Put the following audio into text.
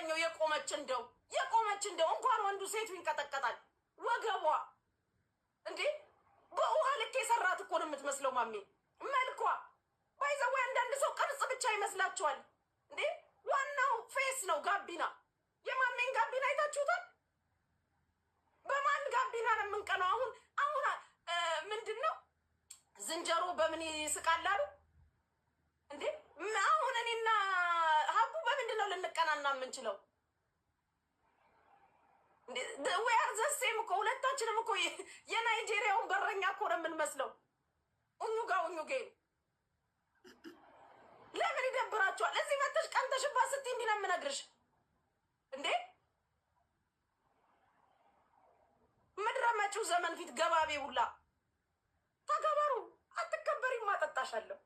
ያኛው የቆመች እንደው የቆመች እንደው እንኳን ወንዱ ሴቱ ይንቀጠቀጣል። ወገቧ እንዴ በውሃ ልክ የሰራት እኮ ነው የምትመስለው ማሜ። መልኳ ባይዘው አንዳንድ ሰው ቅርጽ ብቻ ይመስላችኋል እንዴ? ዋናው ፌስ ነው። ጋቢና የማሜን ጋቢና አይታችሁታል? በማን ጋቢና ነው የምንቀነው? አሁን አሁን ምንድን ነው ዝንጀሮ በምን ይስቃል አሉ ልንጽናና የምንችለው? ወይ አርዘሴም እኮ ሁለታችንም እኮ የናይጄሪያውን በረኛ እኮ ነው የምንመስለው። እኙ ጋ እኙ ጌ ለምን ይደብራቸዋል? እዚህ መተሽ ቀንተሽባት ስትይ እንዲህ ነው የምነግርሽ እንዴ ምድረ መጪው ዘመን ፊት ገባቤ ሁላ ተገበሩ አትከበሪም። አጠጣሻለሁ